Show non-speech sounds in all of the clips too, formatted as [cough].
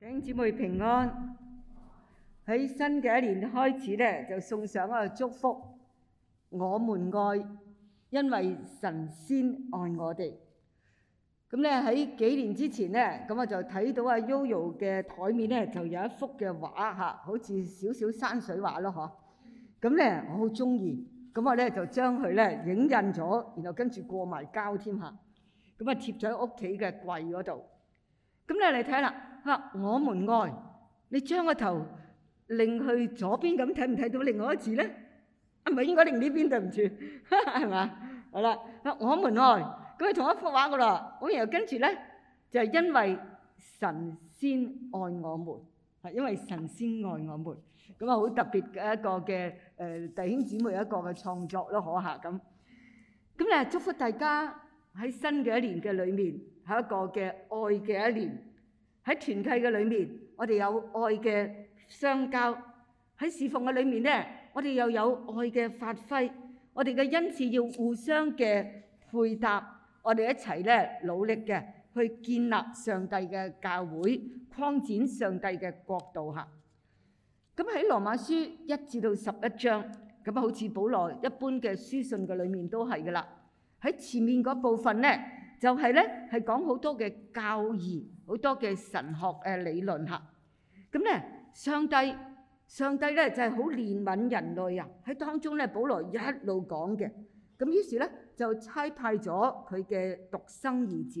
請姐妹平安，喺新嘅一年開始咧，就送上一個祝福。我們愛，因為神先愛我哋。咁咧喺幾年之前咧，咁我就睇到阿 Yoyo 嘅台面咧，就有一幅嘅畫吓，好似少少山水畫咯嗬。咁咧我好中意，咁我咧就將佢咧影印咗，然後跟住過埋膠添吓，咁啊貼咗喺屋企嘅櫃嗰度。咁你嚟睇啦，啊，我們愛，你將個頭擰去左邊咁睇唔睇到另外一個字咧？啊，係咪應該擰呢邊，對唔住，係咪？好啦，啊，我們愛，咁係同一幅畫噶啦。咁然後跟住咧，就係因為神仙愛我們，係因為神仙愛我們。咁啊，好特別嘅一個嘅誒弟兄姊妹一個嘅創作咯，可嚇咁。咁咧，祝福大家喺新嘅一年嘅裏面。喺一個嘅愛嘅一年，喺團契嘅裏面，我哋有愛嘅相交；喺侍奉嘅裏面咧，我哋又有愛嘅發揮。我哋嘅恩賜要互相嘅配搭，我哋一齊咧努力嘅去建立上帝嘅教會，擴展上帝嘅國度嚇。咁喺羅馬書一至到十一章，咁好似保羅一般嘅書信嘅裏面都係噶啦。喺前面嗰部分咧。就係咧，係講好多嘅教義，好多嘅神學嘅理論嚇。咁咧，上帝上帝咧就係好憐憫人類啊！喺當中咧，保羅一路講嘅。咁於是咧，就差派咗佢嘅獨生兒子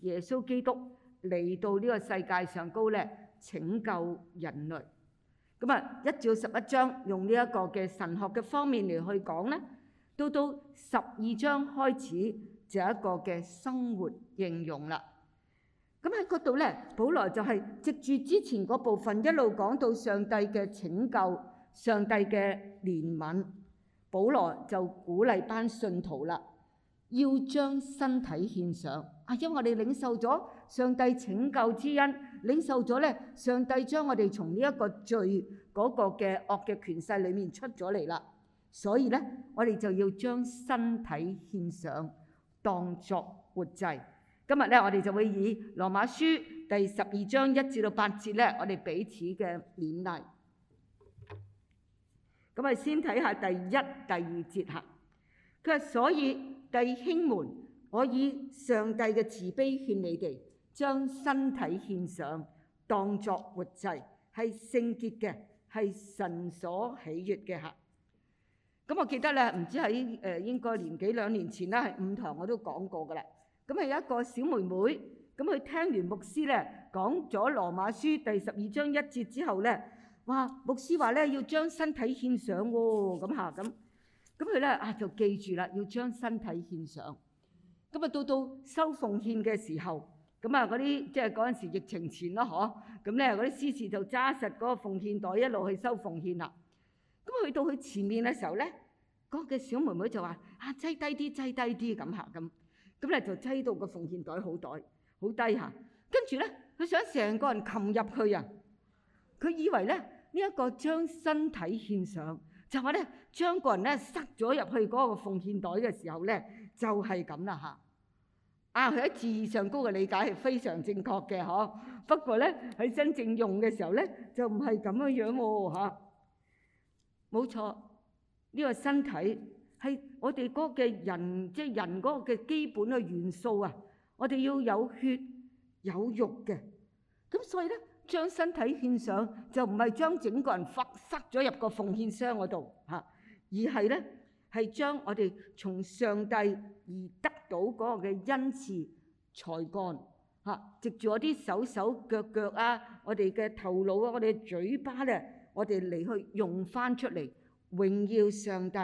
耶穌基督嚟到呢個世界上高咧拯救人類。咁啊，一至十一章用呢一個嘅神學嘅方面嚟去講咧，到到十二章開始。就一個嘅生活應用啦。咁喺嗰度咧，保羅就係藉住之前嗰部分一路講到上帝嘅拯救、上帝嘅憐憫，保羅就鼓勵班信徒啦，要將身體獻上啊，因為我哋領受咗上帝拯救之恩，領受咗咧，上帝將我哋從呢一個罪嗰個嘅惡嘅權勢裏面出咗嚟啦，所以咧，我哋就要將身體獻上。當作活祭。今日咧，我哋就會以羅馬書第十二章一至到八節咧，我哋彼此嘅勉勵。咁啊，先睇下第一、第二節哈。佢話：所以弟兄們，我以上帝嘅慈悲勸你哋，將身體獻上，當作活祭，係聖潔嘅，係神所喜悅嘅吓。咁我記得咧，唔知喺誒應該年幾兩年前啦，喺五堂我都講過噶啦。咁啊有一個小妹妹，咁佢聽完牧師咧講咗羅馬書第十二章一節之後咧，哇！牧師話咧要將身體獻上喎，咁嚇咁。咁佢咧啊就記住啦，要將身體獻上。咁啊到到收奉獻嘅時候，咁啊嗰啲即係嗰陣時疫情前咯嗬。咁咧嗰啲司事就揸實嗰個奉獻袋一路去收奉獻啦。咁去到佢前面嘅時候咧，嗰個小妹妹就話：啊擠低啲，擠低啲咁嚇咁。咁咧就擠到個奉獻袋好袋，好低嚇。跟住咧，佢想成個人冚入去啊！佢以為咧呢一個將身體獻上，就話咧將個人咧塞咗入去嗰個奉獻袋嘅時候咧，就係咁啦嚇。啊，佢喺字義上高嘅理解係非常正確嘅呵。不過咧喺真正用嘅時候咧，就唔係咁樣樣喎嚇。冇錯，呢個身體係我哋嗰嘅人，即係人嗰個嘅基本嘅元素啊！我哋要有血有肉嘅，咁所以咧，將身體獻上就唔係將整個人塞咗入個奉獻箱嗰度嚇，而係咧係將我哋從上帝而得到嗰個嘅恩賜才幹嚇，藉住我啲手手腳腳啊，我哋嘅頭腦啊，我哋嘅嘴巴咧。我哋嚟去用翻出嚟，榮耀上帝。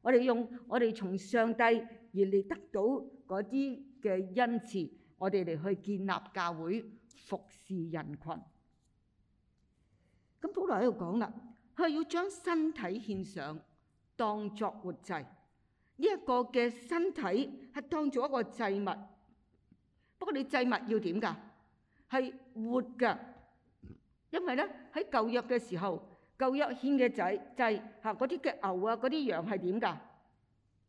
我哋用我哋從上帝而嚟得到嗰啲嘅恩賜，我哋嚟去建立教會，服侍人群。咁保羅喺度講啦，係 [noise] 要將身體獻上，當作活祭。呢、這、一個嘅身體係當做一個祭物。不過你祭物要點㗎？係活㗎，因為咧喺舊約嘅時候。舊約獻嘅祭，吓嗰啲嘅牛啊，嗰啲羊係點噶？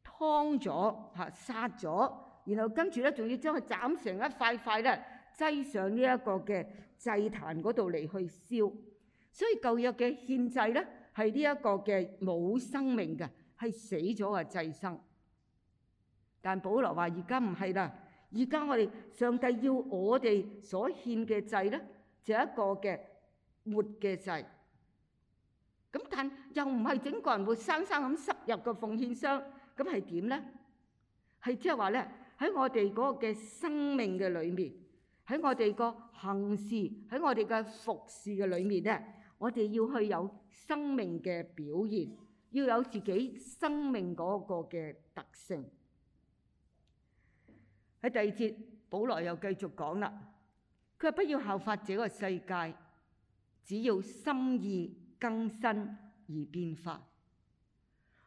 劏咗，吓殺咗，然後跟住咧，仲要將佢斬成一塊塊咧，擠上呢一個嘅祭壇嗰度嚟去燒。所以舊約嘅獻祭咧，係呢一個嘅冇生命嘅，係死咗嘅祭牲。但保羅話：而家唔係啦，而家我哋上帝要我哋所獻嘅祭咧，就一個嘅活嘅祭。咁但又唔係整個人活生生咁塞入個奉獻箱，咁係點咧？係即係話咧，喺我哋嗰個嘅生命嘅裏面，喺我哋個行事，喺我哋嘅服侍嘅裏面咧，我哋要去有生命嘅表現，要有自己生命嗰個嘅特性。喺第二節，保羅又繼續講啦，佢話不要效法這個世界，只要心意，更新而變化。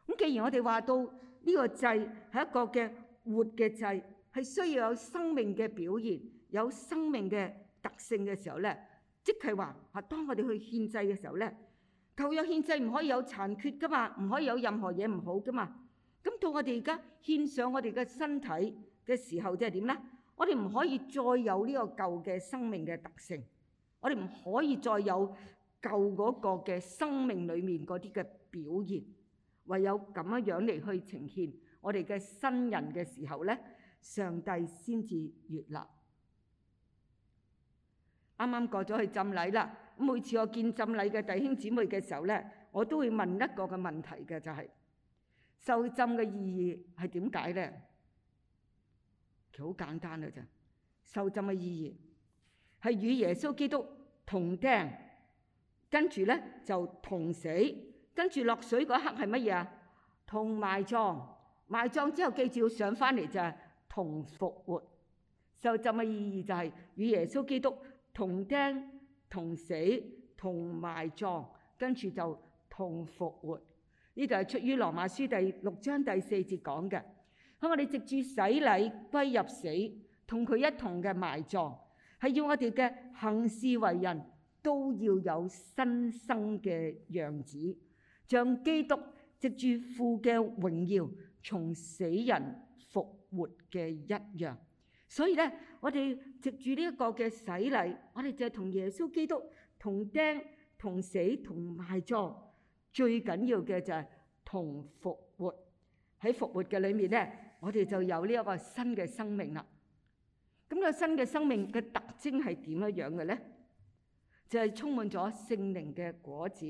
咁既然我哋話到呢個祭係一個嘅活嘅祭，係需要有生命嘅表現，有生命嘅特性嘅時候咧，即係話啊，當我哋去獻祭嘅時候咧，舊約獻祭唔可以有殘缺㗎嘛，唔可以有任何嘢唔好㗎嘛。咁到我哋而家獻上我哋嘅身體嘅時候，即係點咧？我哋唔可以再有呢個舊嘅生命嘅特性，我哋唔可以再有。舊嗰個嘅生命裏面嗰啲嘅表現，唯有咁樣樣嚟去呈現我哋嘅新人嘅時候咧，上帝先至悅納。啱啱過咗去浸禮啦，每次我見浸禮嘅弟兄姊妹嘅時候咧，我都會問一個嘅問題嘅就係，受浸嘅意義係點解咧？佢好簡單噶咋，受浸嘅意義係與耶穌基督同釘。跟住咧就同死，跟住落水嗰刻係乜嘢啊？同埋葬，埋葬之後記住要上翻嚟就係同復活。受浸嘅意義就係與耶穌基督同釘、同死、同埋葬，跟住就同復活。呢度係出於羅馬書第六章第四節講嘅。我哋藉住洗禮歸入死，同佢一同嘅埋葬，係要我哋嘅行事為人。都要有新生嘅樣子，像基督藉住父嘅榮耀從死人復活嘅一樣。所以咧，我哋藉住呢一個嘅洗禮，我哋就同耶穌基督同釘、同死、同埋葬。最緊要嘅就係同復活。喺復活嘅裏面咧，我哋就有呢一個新嘅生命啦。咁個新嘅生命嘅特徵係點樣樣嘅咧？就係充滿咗聖靈嘅果子，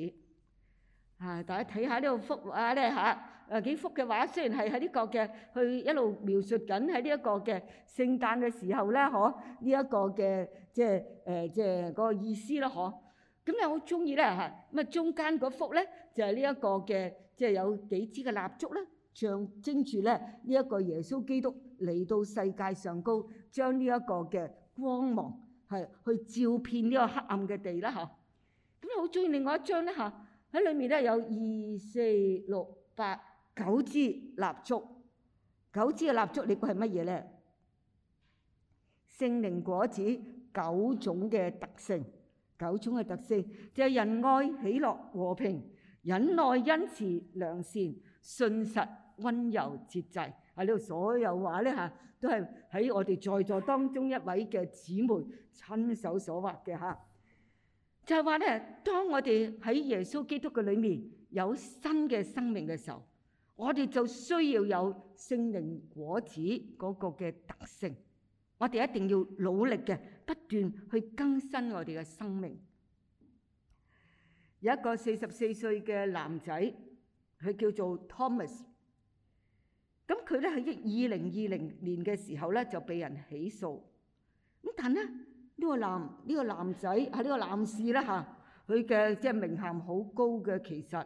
啊！大家睇下呢個幅畫咧嚇，誒幾幅嘅畫，雖然係喺呢個嘅，去一路描述緊喺呢一個嘅聖誕嘅時候咧，嗬呢一個嘅即係誒即係嗰個意思咯，嗬。咁你好中意咧嚇，咁啊中間嗰幅咧就係呢一個嘅，即係有幾支嘅蠟燭咧，象徵住咧呢一個耶穌基督嚟到世界上高，將呢一個嘅光芒。係去照片呢個黑暗嘅地啦吓，咁你好中意另外一張咧吓，喺、啊、裏面咧有二四六八九支蠟燭，九支嘅蠟燭你估係乜嘢咧？聖靈果子九種嘅特性，九種嘅特性就係、是、仁愛、喜樂、和平、忍耐、恩慈、良善、信實、温柔、節制。喺呢度所有話咧嚇，都係喺我哋在座當中一位嘅姊妹親手所畫嘅嚇。就係話咧，當我哋喺耶穌基督嘅裏面有新嘅生命嘅時候，我哋就需要有聖靈果子嗰個嘅特性。我哋一定要努力嘅，不斷去更新我哋嘅生命。有一個四十四歲嘅男仔，佢叫做 Thomas。咁佢咧喺二零二零年嘅時候咧就被人起訴，咁但咧呢個男呢個男仔係呢個男士啦嚇，佢嘅即係名銜好高嘅，其實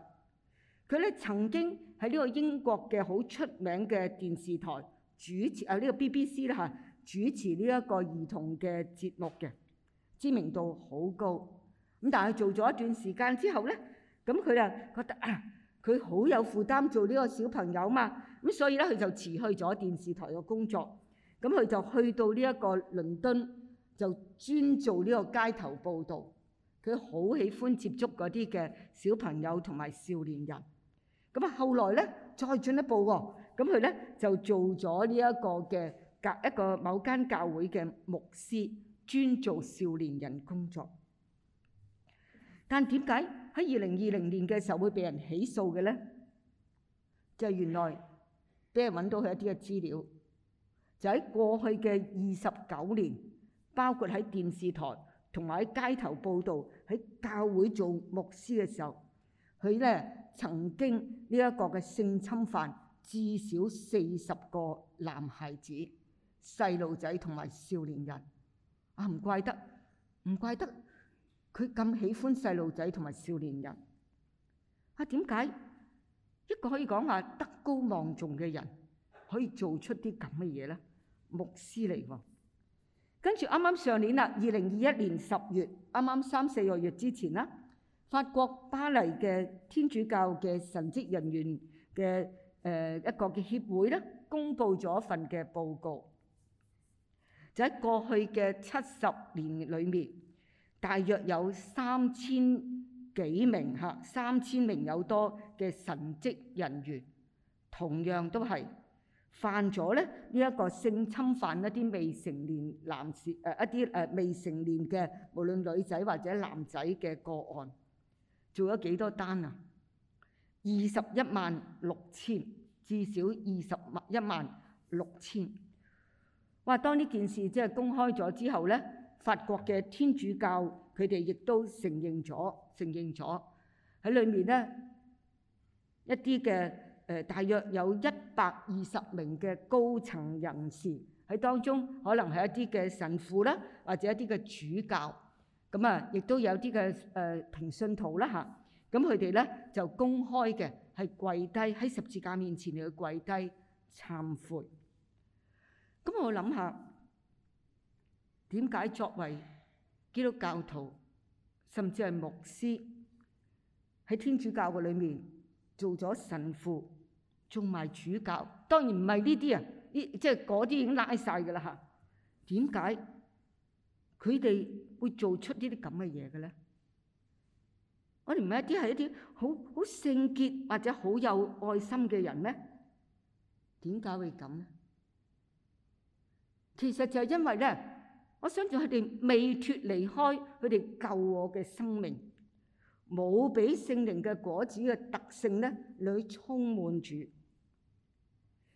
佢咧曾經喺呢個英國嘅好出名嘅電視台主持啊，呢個 BBC 啦嚇，主持呢一個兒童嘅節目嘅知名度好高，咁但係做咗一段時間之後咧，咁佢就覺得啊。佢好有負擔做呢個小朋友嘛，咁所以咧佢就辭去咗電視台嘅工作，咁佢就去到呢一個倫敦，就專做呢個街頭報道。佢好喜歡接觸嗰啲嘅小朋友同埋少年人。咁啊，後來咧再進一步喎，咁佢咧就做咗呢一個嘅教一個某間教會嘅牧師，專做少年人工作。但點解？喺二零二零年嘅時候會被人起訴嘅咧，就係原來俾人揾到佢一啲嘅資料，就喺過去嘅二十九年，包括喺電視台同埋喺街頭報道，喺教會做牧師嘅時候，佢咧曾經呢一個嘅性侵犯至少四十個男孩子、細路仔同埋少年人，啊，唔怪得，唔怪得。佢咁喜歡細路仔同埋少年人啊？點解一個可以講話德高望重嘅人可以做出啲咁嘅嘢咧？牧師嚟喎。跟住啱啱上年啦，二零二一年十月，啱啱三四個月之前啦，法國巴黎嘅天主教嘅神職人員嘅誒一個嘅協會咧，公布咗一份嘅報告，就喺過去嘅七十年裏面。大約有三千幾名嚇，三千名有多嘅神職人員，同樣都係犯咗咧呢一個性侵犯一啲未成年男士誒，呃、一啲誒未成年嘅無論女仔或者男仔嘅個案，做咗幾多單啊？二十一萬六千，至少二十一萬六千。哇！當呢件事即係公開咗之後咧～法國嘅天主教佢哋亦都承認咗，承認咗喺裏面咧一啲嘅誒，大約有一百二十名嘅高層人士喺當中，可能係一啲嘅神父啦，或者一啲嘅主教，咁啊，亦都有啲嘅誒平信徒啦吓，咁佢哋咧就公開嘅係跪低喺十字架面前嚟去跪低懺悔，咁我諗下。點解作為基督教徒，甚至係牧師喺天主教嘅裏面做咗神父，仲埋主教，當然唔係呢啲呀，呢即係嗰啲已經拉晒噶啦吓。點解佢哋會做出呢啲咁嘅嘢嘅咧？我哋唔係一啲係一啲好好聖潔或者好有愛心嘅人咩？點解會咁咧？其實就係因為咧。我想像佢哋未脱離開佢哋舊我嘅生命，冇俾聖靈嘅果子嘅特性咧，裏充滿住。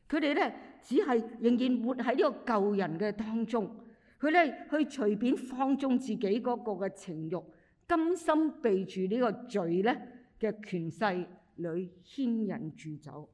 佢哋咧只係仍然活喺呢個舊人嘅當中，佢咧去隨便放縱自己嗰個嘅情慾，甘心被住呢個罪咧嘅權勢裏牽引住走。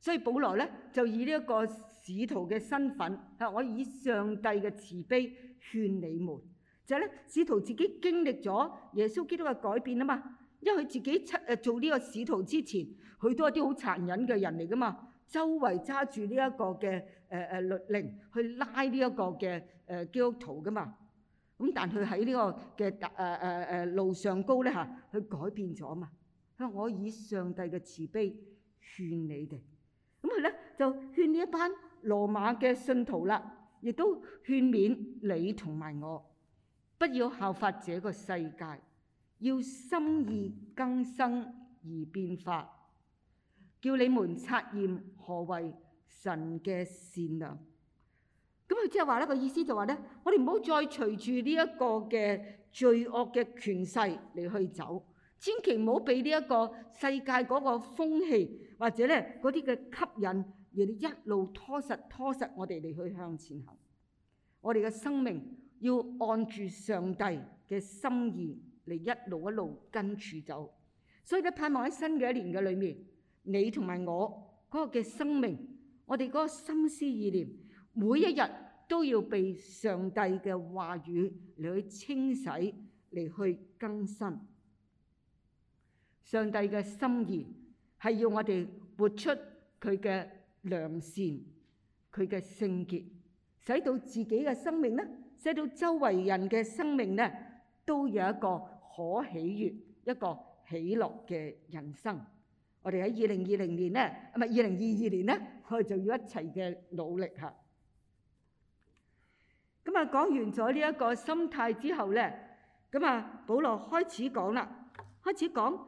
所以保羅咧就以呢一個使徒嘅身份嚇，我以上帝嘅慈悲勸你們就係咧，使徒自己經歷咗耶穌基督嘅改變啊嘛。因為佢自己出誒做呢個使徒之前，佢都係啲好殘忍嘅人嚟㗎嘛，周圍揸住呢一個嘅誒誒律令去拉呢一個嘅誒基督徒㗎嘛。咁但係佢喺呢個嘅誒誒誒路上高咧嚇，佢改變咗啊嘛。我以，以上帝嘅慈悲勸你哋。咁佢咧就勸呢一班羅馬嘅信徒啦，亦都勸勉你同埋我，不要效法這個世界，要心意更生而變化，叫你們察驗何為神嘅善良。咁佢即係話咧，個意思就話咧，我哋唔好再隨住呢一個嘅罪惡嘅權勢嚟去走，千祈唔好俾呢一個世界嗰個風氣。或者咧嗰啲嘅吸引，讓你一路拖實拖實，我哋嚟去向前行。我哋嘅生命要按住上帝嘅心意嚟一路一路跟住走。所以咧，盼望喺新嘅一年嘅裏面，你同埋我嗰個嘅生命，我哋嗰個心思意念，每一日都要被上帝嘅話語嚟去清洗，嚟去更新上帝嘅心意。係要我哋活出佢嘅良善，佢嘅聖潔，使到自己嘅生命咧，使到周圍人嘅生命咧，都有一個可喜悅、一個喜樂嘅人生。我哋喺二零二零年咧，唔係二零二二年咧，我哋就要一齊嘅努力吓。咁啊，講完咗呢一個心態之後咧，咁啊，保羅開始講啦，開始講。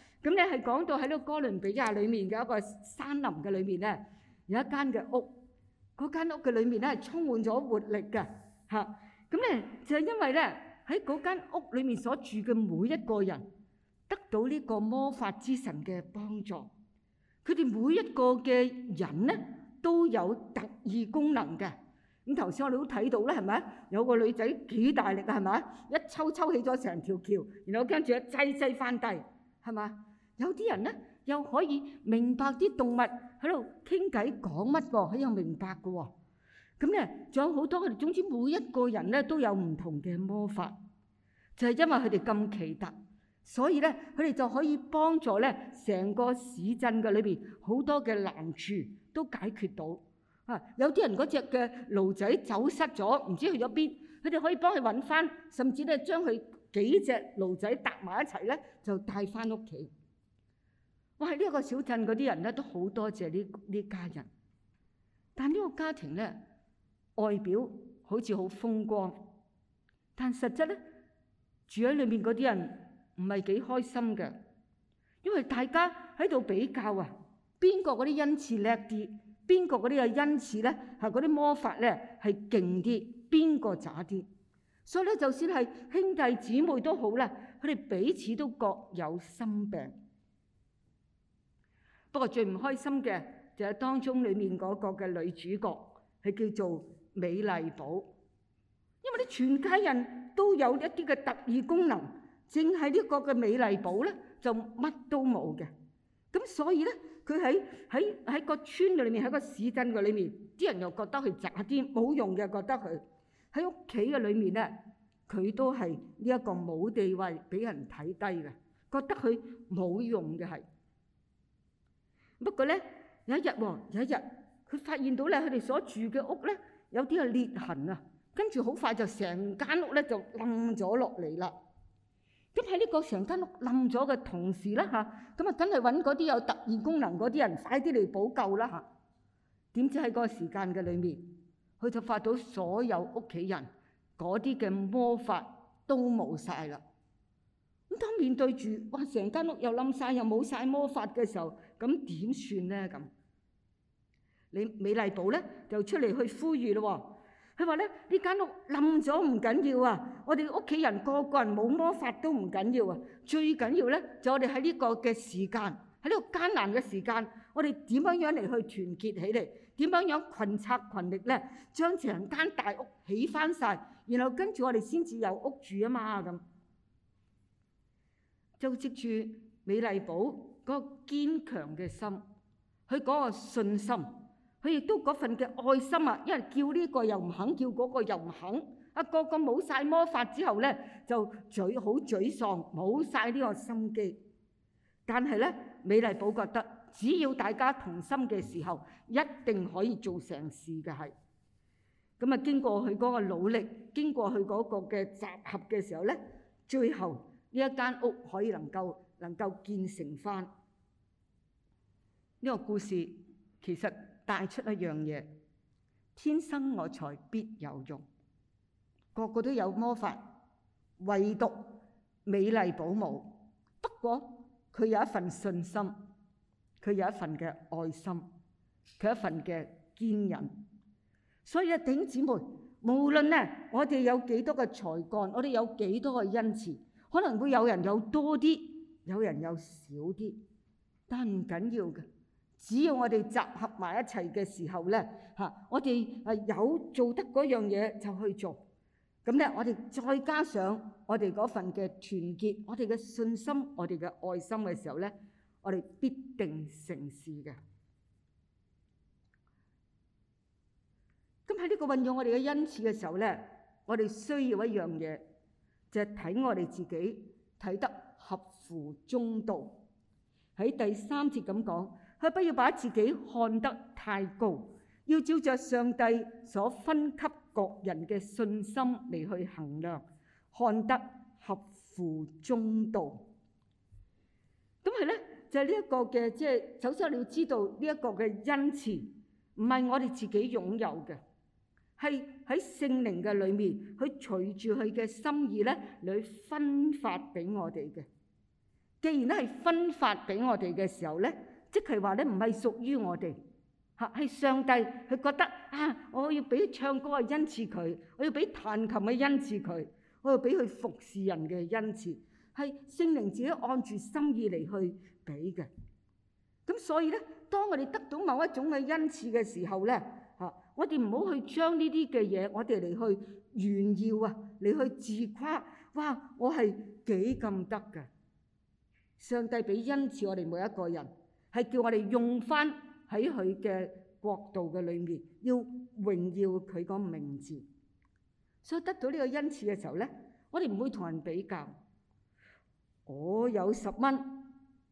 咁你係講到喺呢個哥倫比亞裏面嘅一個山林嘅裏面咧，有一間嘅屋，嗰間屋嘅裏面咧係充滿咗活力嘅嚇。咁咧就係因為咧喺嗰間屋裏面所住嘅每一個人得到呢個魔法之神嘅幫助，佢哋每一個嘅人咧都有特異功能嘅。咁頭先我哋都睇到啦，係咪有個女仔幾大力啊？係咪一抽抽起咗成條橋，然後跟住一擠擠翻低，係嘛？有啲人咧又可以明白啲動物喺度傾偈講乜噃，佢又明白嘅喎、哦。咁咧仲有好多佢哋，總之每一個人咧都有唔同嘅魔法，就係、是、因為佢哋咁奇特，所以咧佢哋就可以幫助咧成個市鎮嘅裏邊好多嘅難處都解決到啊！有啲人嗰隻嘅驢仔走失咗，唔知去咗邊，佢哋可以幫佢揾翻，甚至咧將佢幾隻驢仔搭埋一齊咧就帶翻屋企。我係呢一個小鎮嗰啲人咧，都好多謝呢呢家人。但呢個家庭咧，外表好似好風光，但實質咧，住喺裏面嗰啲人唔係幾開心嘅，因為大家喺度比較啊，邊個嗰啲恩賜叻啲，邊個嗰啲嘅恩賜咧係嗰啲魔法咧係勁啲，邊個渣啲。所以咧，就算係兄弟姊妹都好啦，佢哋彼此都各有心病。不過最唔開心嘅就係當中裡面嗰個嘅女主角係叫做美麗寶，因為你全家人都有一啲嘅特異功能，淨係呢個嘅美麗寶咧就乜都冇嘅。咁所以咧，佢喺喺喺個村裏面喺個市鎮嘅裏面，啲人又覺得佢渣啲冇用嘅，覺得佢喺屋企嘅裏面咧，佢都係呢一個冇地位俾人睇低嘅，覺得佢冇用嘅係。不過咧，有一日喎，有一日佢發現到咧，佢哋所住嘅屋咧，有啲係裂痕啊，跟住好快就成間屋咧就冧咗落嚟啦。咁喺呢個成間屋冧咗嘅同時啦嚇，咁啊梗係搵嗰啲有特異功能嗰啲人快啲嚟補救啦嚇。點知喺個時間嘅裏面，佢就發到所有屋企人嗰啲嘅魔法都冇曬啦。咁當面對住哇，成間屋又冧曬，又冇曬魔法嘅時候。咁點算咧？咁你美麗寶咧就出嚟去呼籲咯喎！佢話咧：呢間屋冧咗唔緊要啊，我哋屋企人個個人冇魔法都唔緊要啊。最緊要咧就我哋喺呢個嘅時間，喺呢個艱難嘅時間，我哋點樣樣嚟去團結起嚟？點樣樣群策群力咧，將成間大屋起翻曬，然後跟住我哋先至有屋住啊嘛！咁就藉住、美麗寶。嗰個堅強嘅心，佢嗰個信心，佢亦都嗰份嘅愛心啊！因為叫呢個又唔肯，叫嗰個又唔肯，啊個個冇曬魔法之後咧，就嘴好沮喪，冇曬呢個心機。但係咧，美麗寶覺得只要大家同心嘅時候，一定可以做成事嘅係。咁啊，經過佢嗰個努力，經過佢嗰個嘅集合嘅時候咧，最後呢一間屋可以能夠。能夠建成翻，呢個故事，其實帶出一樣嘢：天生我材必有用，個個都有魔法，唯獨美麗保姆。不過佢有一份信心，佢有一份嘅愛心，佢有一份嘅堅忍。所以啊，頂姊妹，無論咧，我哋有幾多嘅才幹，我哋有幾多嘅恩賜，可能會有人有多啲。有人有少啲，但唔緊要嘅。只要我哋集合埋一齊嘅時候咧，嚇，我哋係有做得嗰樣嘢就去做。咁咧，我哋再加上我哋嗰份嘅團結、我哋嘅信心、我哋嘅愛心嘅時候咧，我哋必定成事嘅。咁喺呢個運用我哋嘅恩賜嘅時候咧，我哋需要一樣嘢，就係睇我哋自己睇得合乎中道，喺第三節咁講，佢不要把自己看得太高，要照着上帝所分給各人嘅信心嚟，去衡量，看得合乎中道。咁係咧，就係呢一個嘅，即係首先你要知道呢一個嘅恩賜唔係我哋自己擁有嘅，係喺聖靈嘅裏面，佢隨住佢嘅心意咧，嚟分發俾我哋嘅。既然咧係分發俾我哋嘅時候咧，即係話咧唔係屬於我哋嚇，係上帝佢覺得啊，我要俾唱歌嘅恩賜佢，我要俾彈琴嘅恩賜佢，我要俾佢服侍人嘅恩賜，係聖靈自己按住心意嚟去俾嘅。咁所以咧，當我哋得到某一種嘅恩賜嘅時候咧，嚇，我哋唔好去將呢啲嘅嘢，我哋嚟去炫耀啊，嚟去自誇哇！我係幾咁得㗎。上帝俾恩賜我哋每一個人，係叫我哋用翻喺佢嘅國度嘅裏面，要榮耀佢個名字。所以得到呢個恩賜嘅時候咧，我哋唔會同人比較。我有十蚊，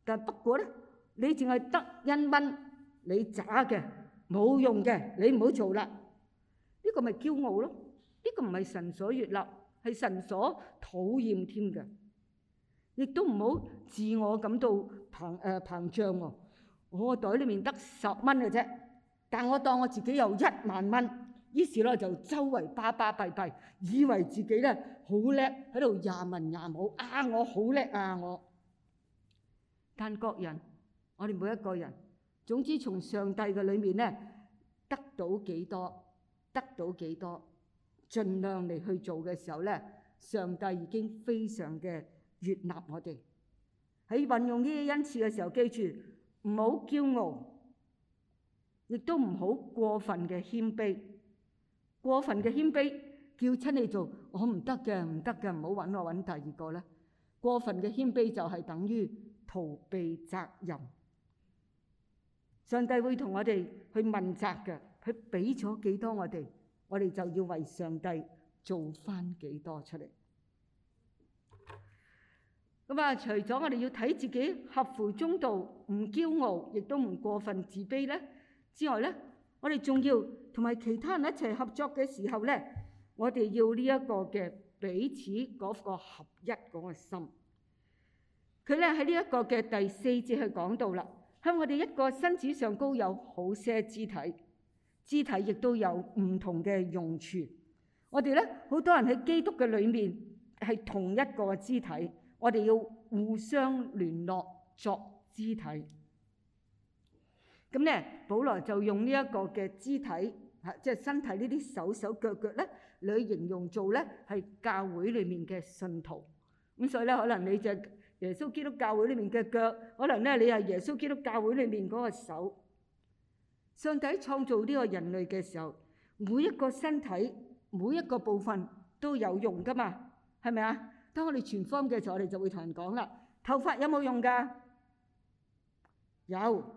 但不過咧，你淨係得一蚊，你渣嘅，冇用嘅，你唔好做啦。呢個咪驕傲咯，呢個唔係神所悅納，係神所討厭添嘅。亦都唔好自我感到膨誒膨脹喎，我袋裏面得十蚊嘅啫，但我當我自己有一萬蚊，於是咧就周圍巴巴閉閉，以為自己咧好叻，喺度廿文廿武啊，我好叻啊我！但各人，我哋每一個人，總之從上帝嘅裏面咧得到幾多，得到幾多，盡量嚟去做嘅時候咧，上帝已經非常嘅悅納我哋。喺運用呢啲恩賜嘅時候，記住唔好驕傲，亦都唔好過分嘅謙卑。過分嘅謙卑，叫親你做我唔得嘅，唔得嘅，唔好揾我揾第二個啦。過分嘅謙卑就係等於逃避責任。上帝會同我哋去問責嘅，佢俾咗幾多我哋，我哋就要為上帝做翻幾多出嚟。咁啊！除咗我哋要睇自己合乎中道，唔驕傲，亦都唔過分自卑咧之外咧，我哋仲要同埋其他人一齊合作嘅時候咧，我哋要呢一個嘅彼此嗰個合一嗰個心。佢咧喺呢一個嘅第四節去講到啦，喺我哋一個身子上高有好些肢體，肢體亦都有唔同嘅用處。我哋咧好多人喺基督嘅裏面係同一個肢體。我哋要互相聯絡作肢體。咁咧，保羅就用呢一個嘅肢體，嚇，即係身體呢啲手手腳腳咧，嚟形容做咧係教會裏面嘅信徒。咁所以咧，可能你就耶穌基督教會裏面嘅腳，可能咧你係耶穌基督教會裏面嗰個手。上帝創造呢個人類嘅時候，每一個身體每一個部分都有用噶嘛，係咪啊？當我哋全方嘅時候，我哋就會同人講啦。頭髮有冇用噶？有，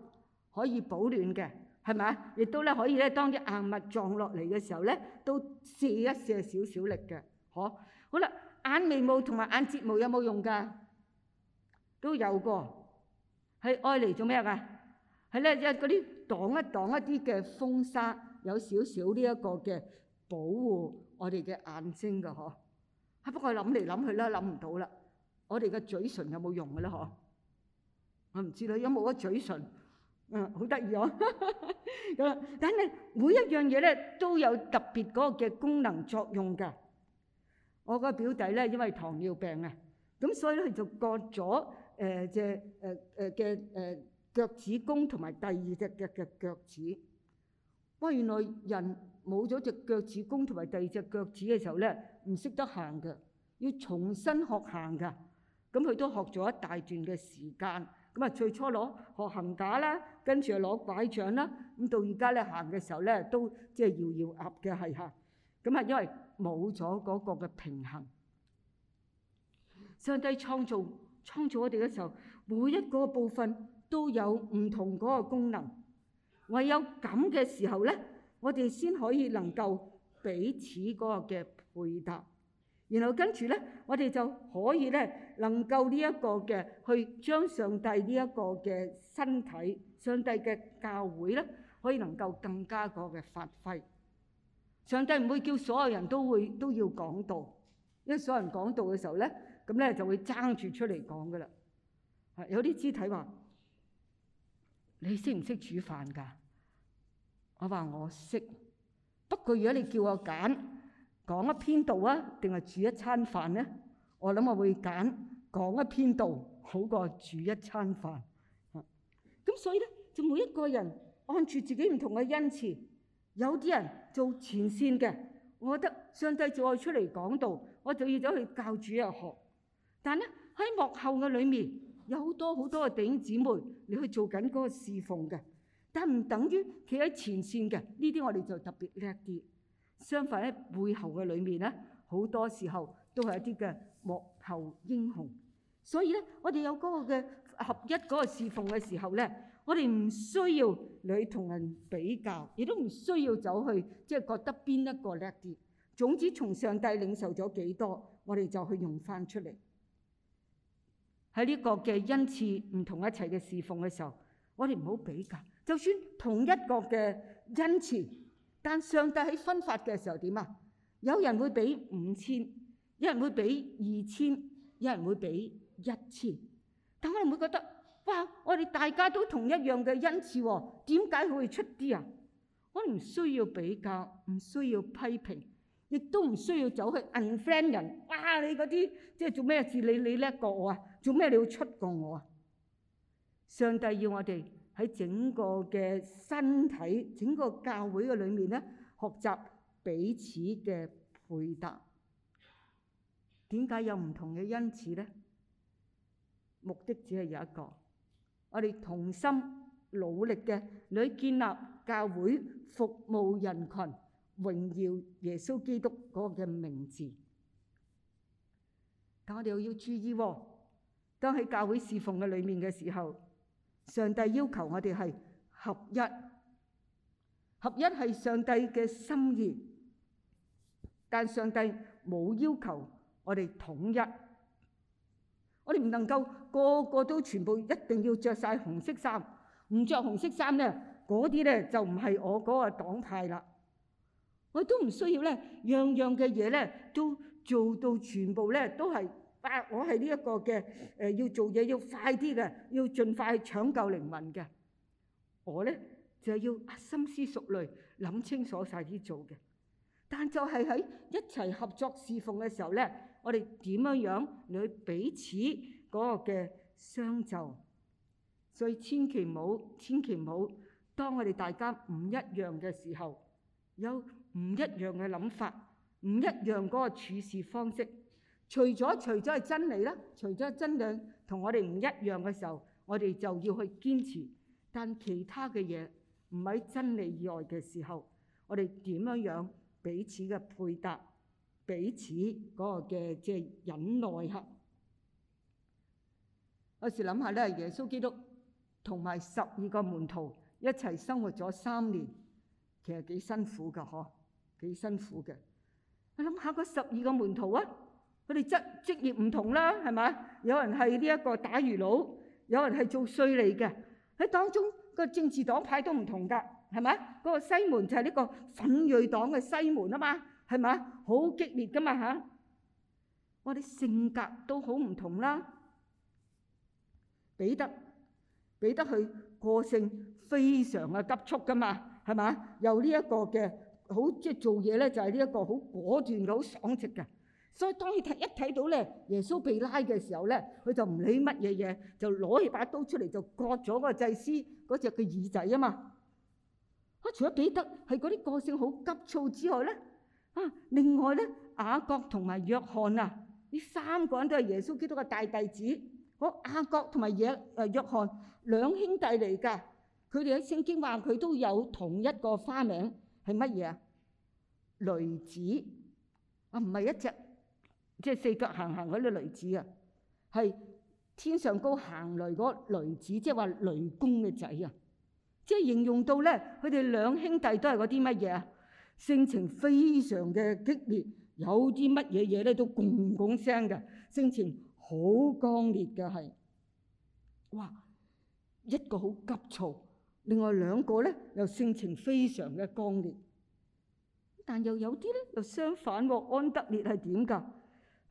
可以保暖嘅，係咪啊？亦都咧可以咧，當啲硬物撞落嚟嘅時候咧，都卸一卸少少力嘅，嗬。好啦，眼眉毛同埋眼睫毛有冇用噶？都有個，係愛嚟做咩噶？係咧，即係嗰啲擋一擋一啲嘅風沙，有少少呢一個嘅保護我哋嘅眼睛噶，嗬。啊！不過諗嚟諗去咧，諗唔到啦。我哋嘅嘴唇有冇用嘅咧？嗬，我唔知啦。有冇個嘴唇？嗯，好得意啊！咁，但係每一樣嘢咧都有特別嗰個嘅功能作用㗎。我個表弟咧，因為糖尿病啊，咁所以咧就割咗誒隻誒誒嘅誒腳趾公同埋第二隻腳嘅腳趾。哇！原來人冇咗隻腳趾公同埋第二隻腳趾嘅時候咧～唔識得行嘅，要重新學行嘅。咁佢都學咗一大段嘅時間。咁啊，最初攞學行架啦，跟住又攞拐杖啦。咁到而家咧行嘅時候咧，都即係搖搖鴨嘅係吓。咁啊，因為冇咗嗰個嘅平衡。上帝創造創造我哋嘅時候，每一嗰個部分都有唔同嗰個功能。唯有咁嘅時候咧，我哋先可以能夠彼此嗰個嘅。回答，然後跟住咧，我哋就可以咧，能夠呢一個嘅去將上帝呢一個嘅身體、上帝嘅教會咧，可以能夠更加個嘅發揮。上帝唔會叫所有人都會都要講道，因為所有人講道嘅時候咧，咁咧就會爭住出嚟講㗎喇。啊，有啲肢體話：你識唔識煮飯㗎？我話我識，不過如果你叫我揀。講一篇道啊，定係煮一餐飯咧？我諗我會揀講一篇道，好過煮一餐飯。咁所以咧，就每一個人按住自己唔同嘅恩賜，有啲人做前線嘅，我覺得上帝就愛出嚟講道，我就要走去教主日學。但咧喺幕後嘅裏面，有好多好多嘅弟兄姊妹，你去做緊嗰個侍奉嘅，但唔等於企喺前線嘅呢啲，我哋就特別叻啲。相反喺，背後嘅裏面咧，好多時候都係一啲嘅幕後英雄。所以咧，我哋有嗰個嘅合一嗰個侍奉嘅時候咧，我哋唔需要你同人比較，亦都唔需要走去即係覺得邊一個叻啲。總之從上帝領受咗幾多，我哋就去用翻出嚟。喺呢個嘅恩賜唔同一齊嘅侍奉嘅時候，我哋唔好比較。就算同一個嘅恩賜。但上帝喺分發嘅時候點啊？有人會俾五千，有人會俾二千，有人會俾一千。但我哋會覺得，哇！我哋大家都同一樣嘅恩賜喎，點解佢會出啲啊？我哋唔需要比較，唔需要批評，亦都唔需要走去 unfriend 人。哇！你嗰啲即係做咩事？你你叻過我啊？做咩你要出過我啊？上帝要我哋。喺整個嘅身體、整個教會嘅裏面咧，學習彼此嘅配搭。點解有唔同嘅恩賜咧？目的只係有一個，我哋同心努力嘅，去建立教會、服務人群、榮耀耶穌基督嗰個嘅名字。但我哋要注意喎，當喺教會侍奉嘅裏面嘅時候。上帝要求我哋係合一，合一係上帝嘅心意，但上帝冇要求我哋統一。我哋唔能夠個個都全部一定要着晒紅色衫，唔着紅色衫咧，嗰啲咧就唔係我嗰個黨派啦。我都唔需要咧，樣樣嘅嘢咧都做到全部咧都係。啊！我係呢一個嘅誒，要做嘢要快啲嘅，要盡快去搶救靈魂嘅。我咧就要深思熟慮，諗清楚晒啲做嘅。但就係喺一齊合作侍奉嘅時候咧，我哋點樣樣去彼此嗰個嘅相就？所以千祈唔好，千祈唔好，當我哋大家唔一樣嘅時候，有唔一樣嘅諗法，唔一樣嗰個處事方式。除咗除咗係真理咧，除咗係真理同我哋唔一樣嘅時候，我哋就要去堅持。但其他嘅嘢唔喺真理以外嘅時候，我哋點樣樣彼此嘅配搭，彼此嗰個嘅即係忍耐。有時諗下咧，耶穌基督同埋十二個門徒一齊生活咗三年，其實幾辛苦噶，嗬，幾辛苦嘅。你諗下個十二個門徒啊！佢哋職職業唔同啦，係嘛？有人係呢一個打魚佬，有人係做稅吏嘅。喺當中個政治黨派都唔同㗎，係嘛？嗰個西門就係呢個奮銳黨嘅西門啊嘛，係嘛？好激烈㗎嘛嚇！我哋性格都好唔同啦。彼得彼得佢個性非常嘅急促㗎嘛，係嘛？又呢一個嘅好即係做嘢咧，就係呢一個好果斷嘅好爽直嘅。所以當佢睇一睇到咧，耶穌被拉嘅時候咧，佢就唔理乜嘢嘢，就攞起把刀出嚟就割咗個祭司嗰隻嘅耳仔啊嘛！啊，除咗彼得係嗰啲個性好急躁之外咧，啊，另外咧，雅各同埋約翰啊，呢三個人都係耶穌基督嘅大弟子。嗰雅各同埋約誒約翰兩兄弟嚟㗎，佢哋喺聖經話佢都有同一個花名係乜嘢啊？雷子啊，唔係一隻。即係四腳行行嗰啲雷子啊，係天上高行雷嗰雷子，即係話雷公嘅仔啊！即係形容到咧，佢哋兩兄弟都係嗰啲乜嘢啊？性情非常嘅激烈，有啲乜嘢嘢咧都唝唝聲嘅，性情好剛烈嘅係。哇，一個好急躁，另外兩個咧又性情非常嘅剛烈，但又有啲咧又相反，啊，安德烈係點噶？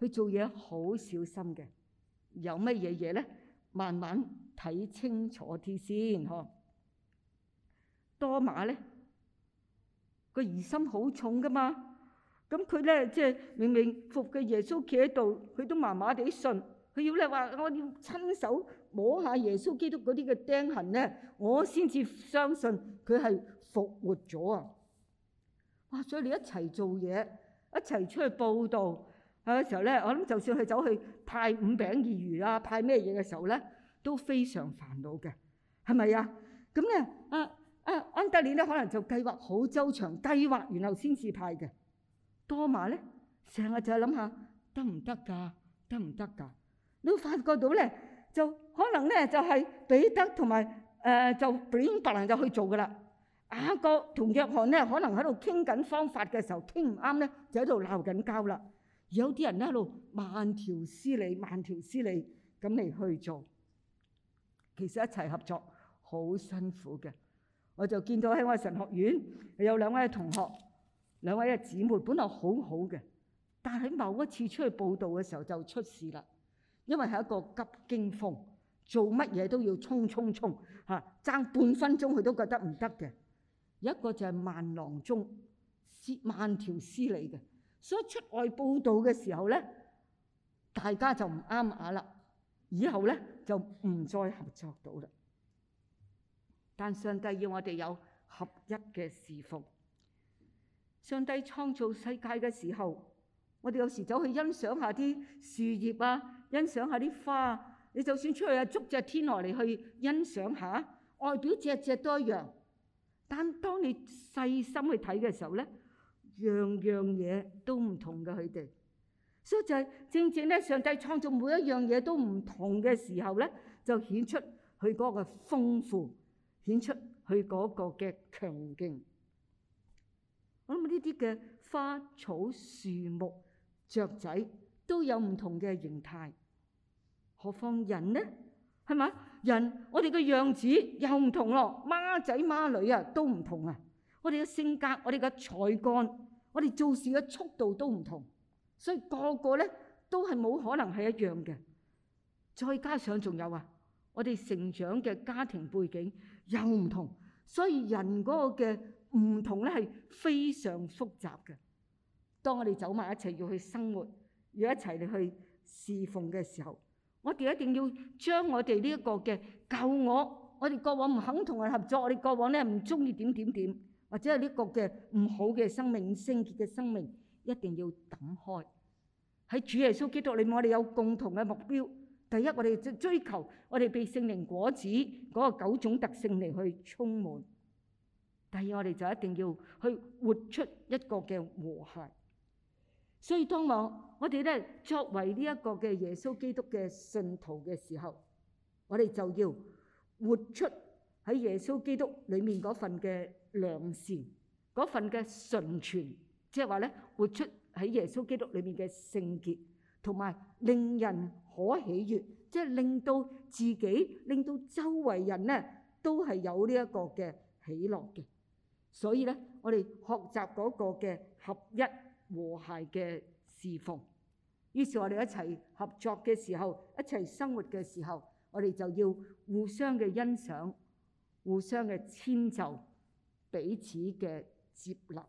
佢做嘢好小心嘅，有乜嘢嘢咧？慢慢睇清楚啲先，嗬。多馬咧，個疑心好重噶嘛。咁佢咧即係明明服嘅耶穌企喺度，佢都麻麻地信。佢要你話：我要親手摸下耶穌基督嗰啲嘅釘痕咧，我先至相信佢係復活咗啊！哇！所以你一齊做嘢，一齊出去報道。啊嘅時候咧，我諗就算佢走去派五餅二魚啊，派咩嘢嘅時候咧，都非常煩惱嘅，係咪啊？咁咧，啊啊安德烈咧，可能就計劃好周詳，計劃然後先至派嘅。多馬咧成日就係諗下得唔得㗎？得唔得㗎？你會發覺到咧，就可能咧就係彼得同埋誒就 Brian 伯林就去做㗎啦。雅各同約翰咧，可能喺度傾緊方法嘅時候傾唔啱咧，就喺度鬧緊交啦。有啲人咧喺度慢條斯理、慢條斯理咁嚟去做，其實一齊合作好辛苦嘅。我就見到喺我神學院有兩位同學、兩位嘅姊妹，本來好好嘅，但係喺某一次出去報道嘅時候就出事啦。因為係一個急驚風，做乜嘢都要衝衝衝吓，爭半分鐘佢都覺得唔得嘅。一個就係慢郎中、慢條斯理嘅。所以出外報道嘅時候咧，大家就唔啱牙啦。以後咧就唔再合作到啦。但上帝要我哋有合一嘅侍奉。上帝創造世界嘅時候，我哋有時走去欣賞下啲樹葉啊，欣賞下啲花。你就算出去啊捉隻天鵝嚟去欣賞下，外表隻隻都一樣。但當你細心去睇嘅時候咧，樣樣嘢都唔同嘅，佢哋，所以就係正正咧，上帝創造每一樣嘢都唔同嘅時候咧，就顯出佢嗰個豐富，顯出佢嗰個嘅強勁。我諗呢啲嘅花草樹木雀仔都有唔同嘅形態，何況人咧，係咪？人我哋嘅樣子又唔同咯，孖仔孖女啊都唔同啊，我哋嘅性格，我哋嘅才幹。我哋做事嘅速度都唔同，所以個個咧都係冇可能係一樣嘅。再加上仲有啊，我哋成長嘅家庭背景又唔同，所以人嗰個嘅唔同咧係非常複雜嘅。當我哋走埋一齊要去生活，要一齊去侍奉嘅時候，我哋一定要將我哋呢一個嘅舊我，我哋過往唔肯同人合作，我哋過往咧唔中意點點點。或者係呢個嘅唔好嘅生命，聖潔嘅生命一定要抌開。喺主耶穌基督裏面，我哋有共同嘅目標。第一，我哋追追求我哋被聖靈果子嗰個九種特性嚟去充滿。第二，我哋就一定要去活出一個嘅和諧。所以當我我哋咧作為呢一個嘅耶穌基督嘅信徒嘅時候，我哋就要活出喺耶穌基督裡面嗰份嘅良善嗰份嘅純全，即係話咧，活出喺耶穌基督裏面嘅聖潔，同埋令人可喜悅，即係令到自己、令到周圍人咧都係有呢一個嘅喜樂嘅。所以咧，我哋學習嗰個嘅合一和諧嘅侍奉。於是我哋一齊合作嘅時候，一齊生活嘅時候，我哋就要互相嘅欣賞，互相嘅遷就。彼此嘅接納，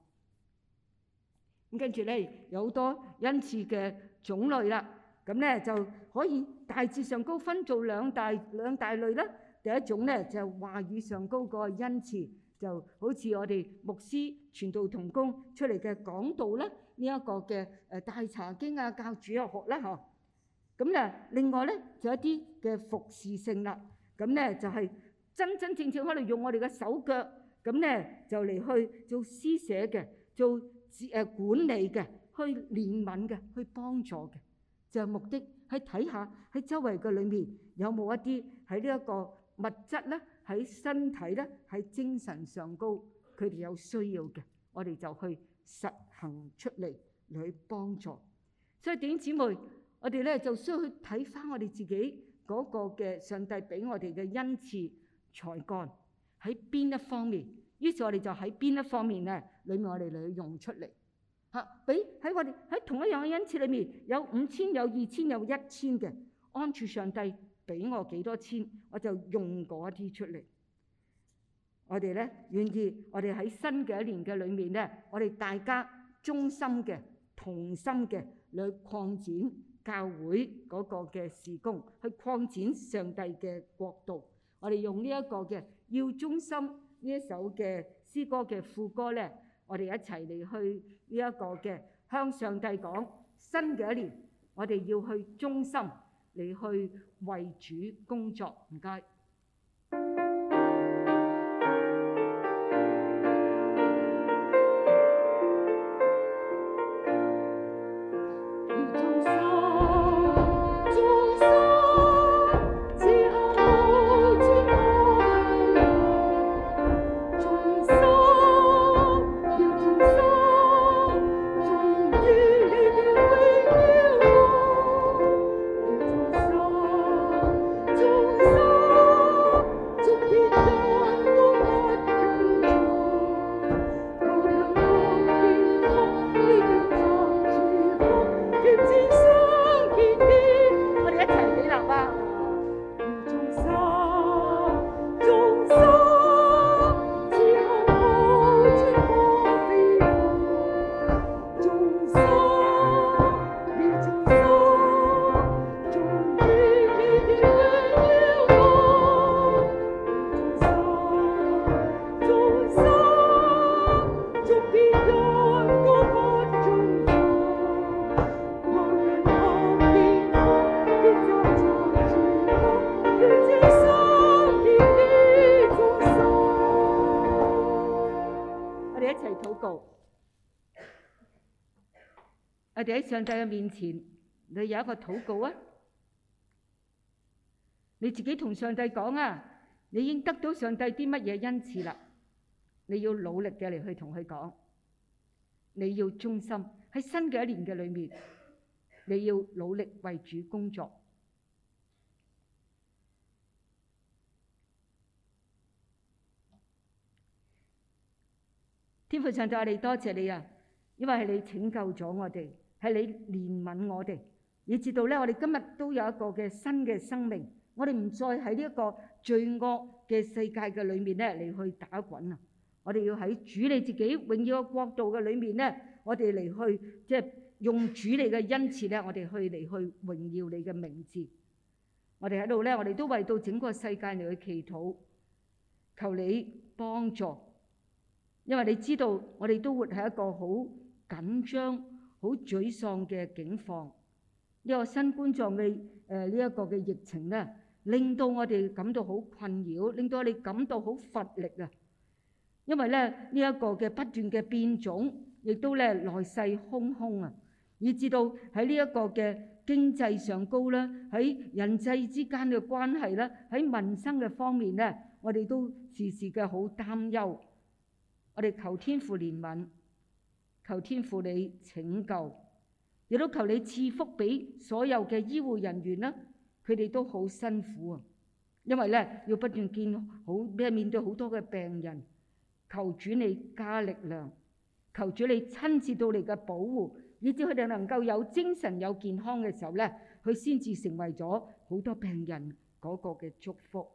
咁跟住咧有好多恩賜嘅種類啦。咁咧就可以大致上高分做兩大兩大類啦。第一種咧就係話語上高個恩賜，就好似我哋牧師傳道同工出嚟嘅講道咧，呢一個嘅誒大查經啊、教主啊學啦，嗬。咁咧另外咧就一啲嘅服侍性啦。咁咧就係真真正正可能用我哋嘅手腳。咁咧就嚟去做施捨嘅，做誒、呃、管理嘅，去憐憫嘅，去幫助嘅，就是、目的係睇下喺周圍嘅裏面有冇一啲喺呢一個物質咧，喺身體咧，喺精神上高佢哋有需要嘅，我哋就去實行出嚟嚟去幫助。所以弟兄姊妹，我哋咧就需要去睇翻我哋自己嗰個嘅上帝俾我哋嘅恩賜才幹。喺邊一方面，於是，我哋就喺邊一方面咧，裡面我哋嚟用出嚟嚇。俾、啊、喺我哋喺同一樣嘅恩賜裡面，有五千，有二千，有一千嘅，按住上帝俾我幾多千，我就用嗰啲出嚟。我哋咧，願意我哋喺新嘅一年嘅裡面咧，我哋大家忠心嘅、同心嘅嚟擴展教會嗰個嘅事工，去擴展上帝嘅國度。我哋用呢一個嘅。要忠心呢一首嘅詩歌嘅副歌咧，我哋一齊嚟，去呢一個嘅向上帝講，新嘅一年，我哋要去忠心嚟去為主工作，唔該。我哋喺上帝嘅面前，你有一個禱告啊！你自己同上帝講啊，你已經得到上帝啲乜嘢恩賜啦？你要努力嘅，嚟去同佢講，你要忠心喺新嘅一年嘅裏面，你要努力為主工作。天父上帝，阿你多謝你啊，因為係你拯救咗我哋。係你憐憫我哋，以致到咧，我哋今日都有一個嘅新嘅生命。我哋唔再喺呢一個罪惡嘅世界嘅裏面咧，嚟去打滾啦。我哋要喺主你自己榮耀嘅國度嘅裏面咧，我哋嚟去即係用主你嘅恩賜咧，我哋去嚟去榮耀你嘅名字。我哋喺度咧，我哋都為到整個世界嚟去祈禱，求你幫助，因為你知道我哋都活喺一個好緊張。好沮喪嘅境況，呢個新冠狀嘅誒呢一個嘅疫情咧，令到我哋感到好困擾，令到我哋感到好乏力啊！因為咧呢一個嘅不斷嘅變種，亦都咧來勢洶洶啊！以至到喺呢一個嘅經濟上高啦，喺人際之間嘅關係啦，喺民生嘅方面咧，我哋都時時嘅好擔憂，我哋求天父憐憫。求天父你拯救，亦都求你賜福俾所有嘅醫護人員啦。佢哋都好辛苦啊，因為咧要不斷見好，即係面對好多嘅病人。求主你加力量，求主你親自到你嘅保護，以至佢哋能夠有精神、有健康嘅時候咧，佢先至成為咗好多病人嗰個嘅祝福。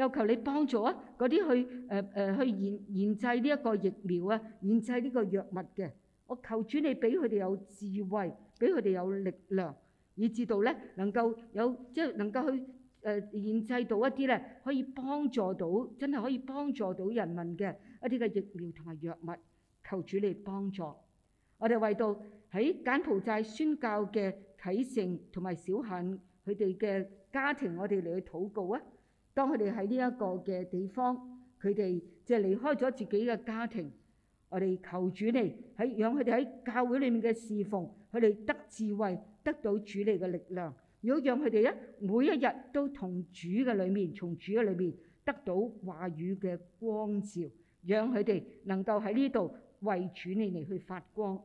又求你幫助啊！嗰、呃、啲去誒誒去研研製呢一個疫苗啊，研製呢個藥物嘅，我求主你俾佢哋有智慧，俾佢哋有力量，以至到咧能夠有即係能夠去誒研製到一啲咧，可以幫助到真係可以幫助到人民嘅一啲嘅疫苗同埋藥物。求主你幫助我哋，為到喺柬埔寨宣教嘅啟聖同埋小限，佢哋嘅家庭，我哋嚟去禱告啊！當佢哋喺呢一個嘅地方，佢哋即係離開咗自己嘅家庭，我哋求主你喺讓佢哋喺教會裏面嘅侍奉，佢哋得智慧，得到主你嘅力量。如果讓佢哋咧，每一日都同主嘅裏面，從主嘅裏面得到話語嘅光照，讓佢哋能夠喺呢度為主你嚟去發光，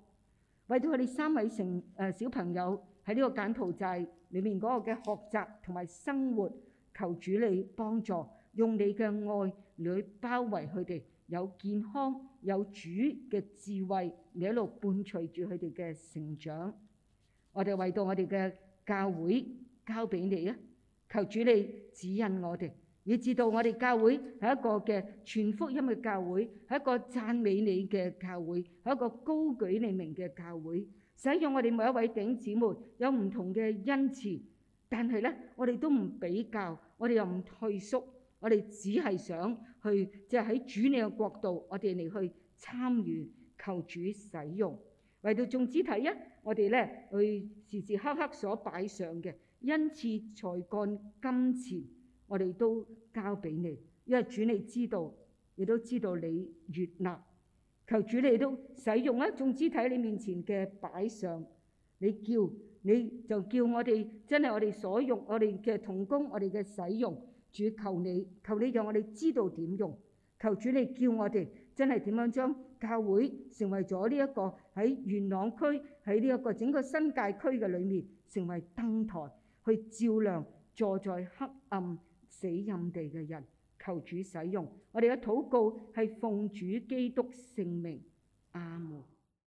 為咗佢哋三位成誒小朋友喺呢個柬埔寨裏面嗰個嘅學習同埋生活。求主你幫助，用你嘅愛嚟包圍佢哋，有健康，有主嘅智慧，你一路伴隨住佢哋嘅成長。我哋為到我哋嘅教會交俾你啊！求主你指引我哋，以至到我哋教會係一個嘅全福音嘅教會，係一個讚美你嘅教會，係一個高舉你名嘅教會，使用我哋每一位弟兄姊妹有唔同嘅恩賜。但係咧，我哋都唔比較，我哋又唔退縮，我哋只係想去，即係喺主你嘅國度，我哋嚟去參與求主使用，為到眾肢體啊！我哋咧去時時刻刻所擺上嘅恩賜、才幹、金錢，我哋都交俾你，因為主你知道，你都知道你悅納，求主你都使用啊！眾肢體你面前嘅擺上，你叫。你就叫我哋真係我哋所用，我哋嘅同工，我哋嘅使用，主求你，求你讓我哋知道點用，求主你叫我哋真係點樣將教會成為咗呢一個喺元朗區喺呢一個整個新界區嘅裏面成為燈台，去照亮坐在黑暗死陰地嘅人，求主使用我哋嘅禱告係奉主基督聖名，阿門。